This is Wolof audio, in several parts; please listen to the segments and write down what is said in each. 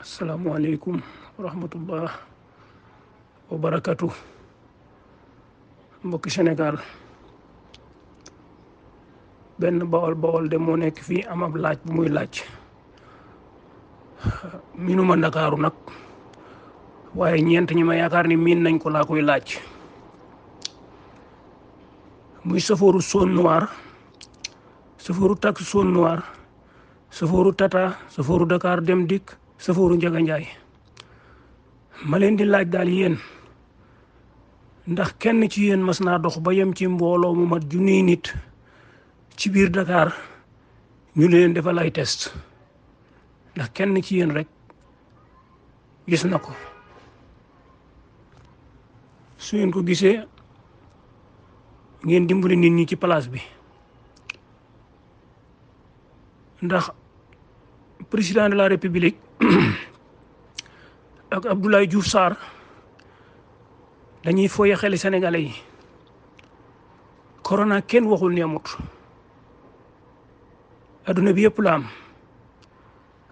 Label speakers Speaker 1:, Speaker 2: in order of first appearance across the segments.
Speaker 1: asalaamualeykum wa rahmatullah wa barakatu mbokki Sénégal benn bawol bawol de moo nekk fii am ab laaj bu muy laaj miinuma ndakaaru nag waaye ñeent ñi ma yaakaar ni miin nañ ko laa koy laaj muy safooru Saône Noire safooru taxi Saône Noire safooru Tata safooru Dakar Dem Dikk safooru Njaga Njaay ma leen di laaj daal yéen ndax kenn ci yéen mas naa dox ba yem ci mbooloo mu mat junniy nit ci biir Dakar ñu leen defal ay test ndax kenn ci yéen rek gis na ko su ngeen ko gisee ngeen dimbali nit ñi ci place bi ndax président de la république ak Abdoulaye Diouf Sarr dañuy fooye xeli sénégalais yi corona kenn waxul ne amut adduna bi yëpp la am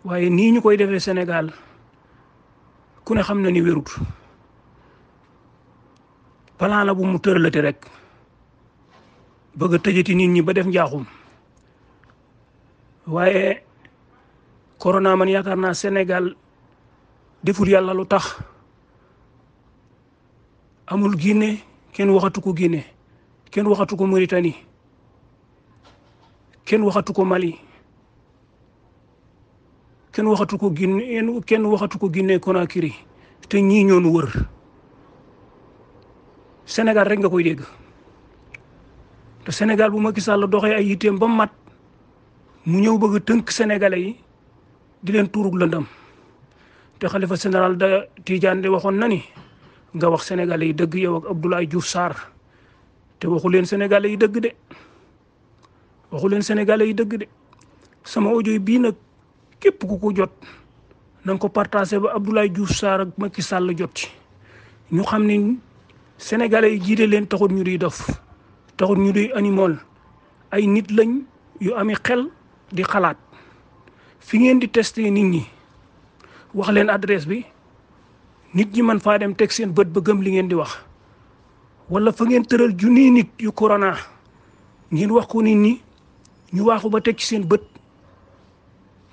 Speaker 1: waaye nii ñu koy defee Sénégal ku ne xam na ni wérut plan la bu mu tëralati rek bëgg a tëjati nit ñi ba def njaaxum waaye corona man yaakaar naa Sénégal deful yàlla lu tax amul Guinée kenn waxatu ko Guinée kenn waxatu ko Mauritanie kenn waxatu ko Mali kenn waxatu ko Guinée kenn waxatu ko Guinée Conakry te ñii ñoonu wër Sénégal rek nga koy dégg te Sénégal bu Macky Sall doxee ay yitteem ba mat mu ñëw bëgg tënk sénégalais yi di leen tuurug lëndam te xalifa général da Tidiane de waxoon na ni nga wax sénégalais yi dëgg yow ak Abdoulaye Diouf Sarr te waxu leen sénégalais yi dëgg de waxu leen sénégalais yi dëgg de sama audio bii nag képp ku ko jot na nga ko partagé ba Abdoulaye juuf Sarr ak Macky Sall jot ci ñu xam ne sénégalais yi jiite leen taxut ñu di dof taxut ñu di animal ay nit lañ yoo ami xel di xalaat fi ngeen di testé nit ñi wax leen adresse bi nit ñi man faa dem teg seen bët ba gëm li ngeen di wax wala fa ngeen tëral ni nit yu corona ngeen wax ko nit ñi ñu waxu ba teg ci seen bët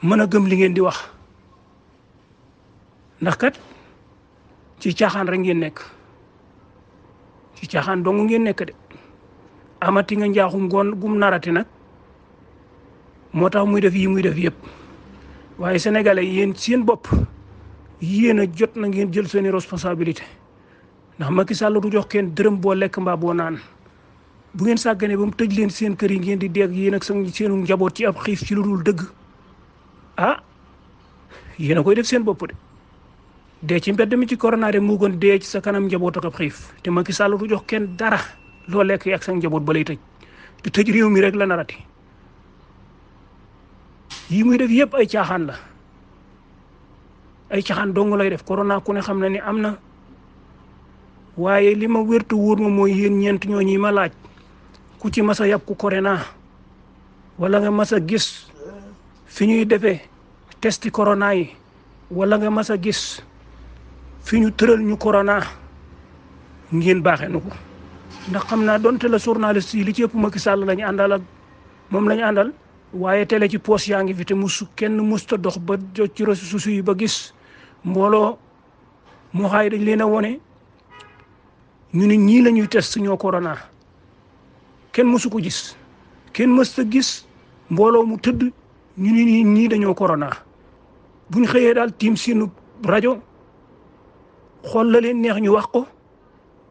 Speaker 1: mën a gëm li ngeen di wax ndax kat ci caaxaan rek ngeen nekk ci caaxaan dong ngeen nekk de amati nga gum narati nag moo muy def yi muy def yépp waaye sénégalais yéen seen bopp yéen a jot na ngeen jël seeni responsabilité ndax Macky Sall du jox kenn dërëm boo lekk mbaa boo naan bu ngeen sàgganee ba mu tëj leen seen kër yi ngeen di deeg yéen ak seen njaboot ci ab xiif ci lu dul dëgg ah yéen a koy def seen bopp de ci mbedd mi ci corona moo gën dee ci sa kanam njaboot ak ab te Macky Sall du jox kenn dara loo lekk ak sa njaboot ba lay te tëj réew mi rek la narati yii muy def yëpp ay caaxaan la ay caaxaan dong lay def corona ku ne xam na ni am na waaye li ma wértu wur ma mooy yéen ñeent ñoo ñi ma laaj ku ci mas a yàpp ku corona wala nga mas a gis fi ñuy defee testi corona yi walla nga mas a gis fi ñu tëral ñu corona ngeen baaxee na ko ndax xam naa donte la journaliste yi li ci ëpp Macky Sall lañu àndal ak moom lañu àndal waaye tele ci poos yaa ngi fi te mus kenn musta dox ba jot ci réseaux sociaux yi ba gis mbooloo moo xaay dañ leen a wone ñu ni ñii la tes test ñoo corona kenn mësu ko gis kenn mësta gis mbooloo mu tëdd ñu ni ñii ñii dañoo corona buñ xëyee daal tiim seenu rajo xool la leen neex ñu wax ko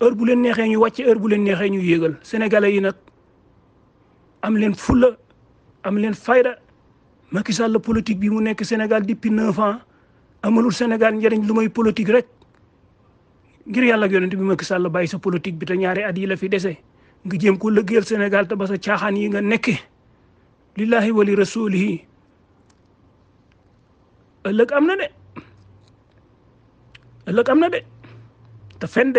Speaker 1: heure bu leen neexee ñu wàcce heure bu leen neexee ñu yéegal sénégalais yi nag am leen fulla am leen fayda Macky Sall politique bi mu nekk senegal depuis neuf ans amalul Sénégal njëriñ lu may politique rek ngir yàlla ak yonent bi Macky Sall bàyyi sa politique bi te ñaari at yi la fi dese nga jéem ko lëggeel Sénégal te ba sa caaxaan yi nga nekke lillahi wali rasulihi ëllëg am na de ëllëg am na de te fen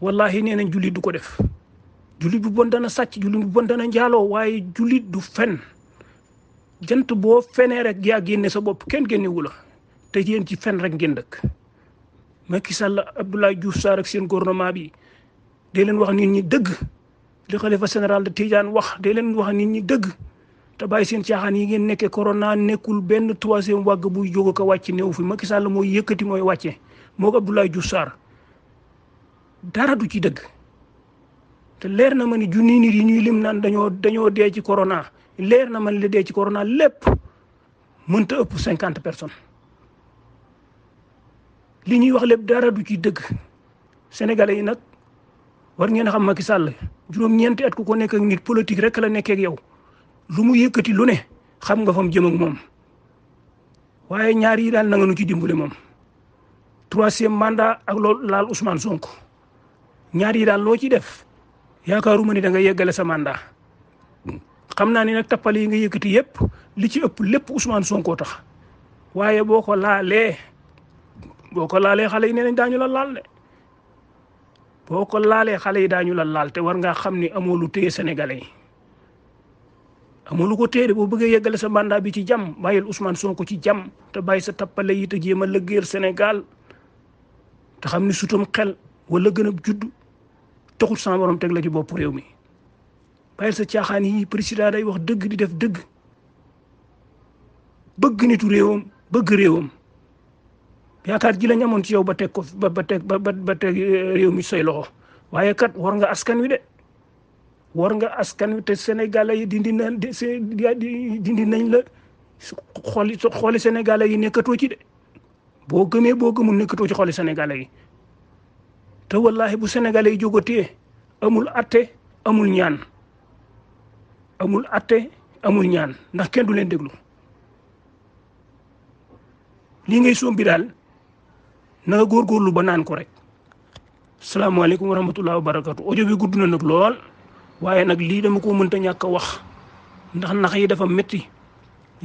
Speaker 1: wallahi nee nañ jullit du ko def jullit bu bon dana sàcc jullit bu bon dana njaaloo waaye jullit du fen jant boo fenee rek yaa génne sa bopp kenn génnewu la te yéen ci fen rek ngeen dëkk Macky Sall Abdoulaye Diouf Sarr ak seen gouvernement bi day leen wax nit ñi dëgg li xalifa général de Tidiane wax day leen wax nit ñi dëgg te bàyyi seen caaxaan yi ngeen nekkee corona nekkul benn troisième wàgg buy jóg ko wàcc néew fi Macky Sall mooy yëkkati mooy wàcce moo ko Abdoulaye Diouf dara du ci dëgg. te leer na ma ni junni nit yi ñuy lim naan dañoo dañoo dee ci corona leer na ma ni li dee ci corona lépp mënta ëpp cinquante personnes li ñuy wax lépp dara du ci dëgg senegal yi nag war ngeen xam Macky Sall juróom-ñeenti at ku ko nekk ak nit politique rek la nekkee ak yow lu mu yëkkati lu ne xam nga fa mu moom waaye ñaari yi daal na nu ci dimbale moom troisième manda ak loolu laal Ousmane Sonko ñaari yi daal loo ci def. yaakaaruma ni da nga yeggale sa mandat xam naa ni nag tappale yi nga yëkkati yépp li ci ëpp lépp Ousmane Sonko tax waaye boo ko laalee boo ko laalee xale yi nee nañ daañu la laal de boo ko laalee xale yi daañu la laal te war ngaa xam ni amoo lu téye sénégalais yi amoo lu ko téye boo bëggee yeggale sa mandat bi ci jàmm bàyyil Ousmane Sonko ci jàmm te bay sa tappale yi te jéem a lëggéeyal senegal te xam ni sutum xel wala gën a judd taxul sama borom teg la ci bopp réew mi bàyyil sa caaxaan yi président day wax dëgg di def dëgg bëgg nitu réewam bëgg réewam yaakaar ji lañ amoon ci yow ba teg ko ba ba teg ba ba teg eh, réew mi say loxo waaye kat war nga askan wi de war nga askan wi te sénégalais yi dindi na dindi nañ la xooli xooli sénégalais yi nekkatoo ci de boo gëmee boo gëmul nekkatoo ci xooli sénégalais yi te wallahi bu sénégalais yi amul atte amul ñaan amul atte amul ñaan ndax kenn du leen déglu li ngay sombi daal na nga góorgóorlu ba naan ko rek salaamaaleykum wa rahmatullahi wa barakatu audio bi gudd na nag lool waaye nag lii dama ko mënta ñàkk a wax ndax nax yi dafa métti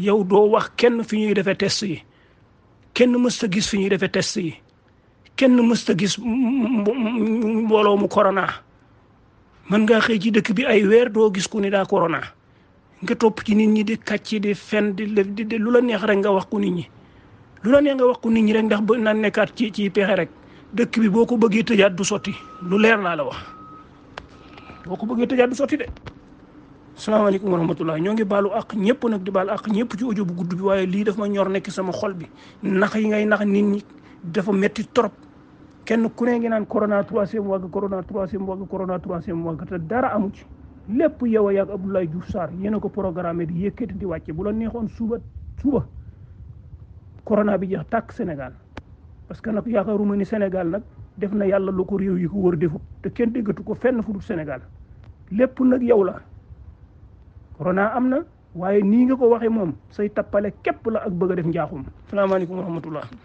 Speaker 1: yow doo wax kenn fi ñuy defee test yi kenn mësta gis fi ñuy defee test yi kenn mësta gis mbooloo mu corona man nga xëy ci dëkk bi ay weer doo gis ku ni daa corona nga topp ci nit ñi di kàcc di fen di lëf di lu la neex rek nga wax ku nit ñi lu la neex nga wax ku nit ñi rek ndax na nekkaat ci ci pexe rek dëkk bi boo ko bëggee du sotti lu leer la wax boo ko bëggee tëjaat du sotti de salaamaaleykum wa rahmatullah ñoo ngi baalu ak ñëpp nag di baal ak ñëpp ci audio bu gudd bi waaye lii dafa ma ñor nekk sama xol bi nax yi ngay nax nit ñi dafa metti trop kenn ku ne ngi naan corona troisième vague corona troisième vague corona troisième vague dara amu ci lépp yow a yàgg Abdoulaye Diouf Sarr yéen ko programmé di yëkkati di wàcce bu la neexoon suba suba corona bi jeex tàkk Sénégal parce que nag yaakaaruma ni Sénégal nag def na yàlla lu ko réew yi ko wër defut te kenn déggatu ko fenn fu dul Sénégal lépp nag yow la corona am na waaye nii nga ko waxee moom say tappale képp la ak bëgg def njaaxum salaamaaleykum wa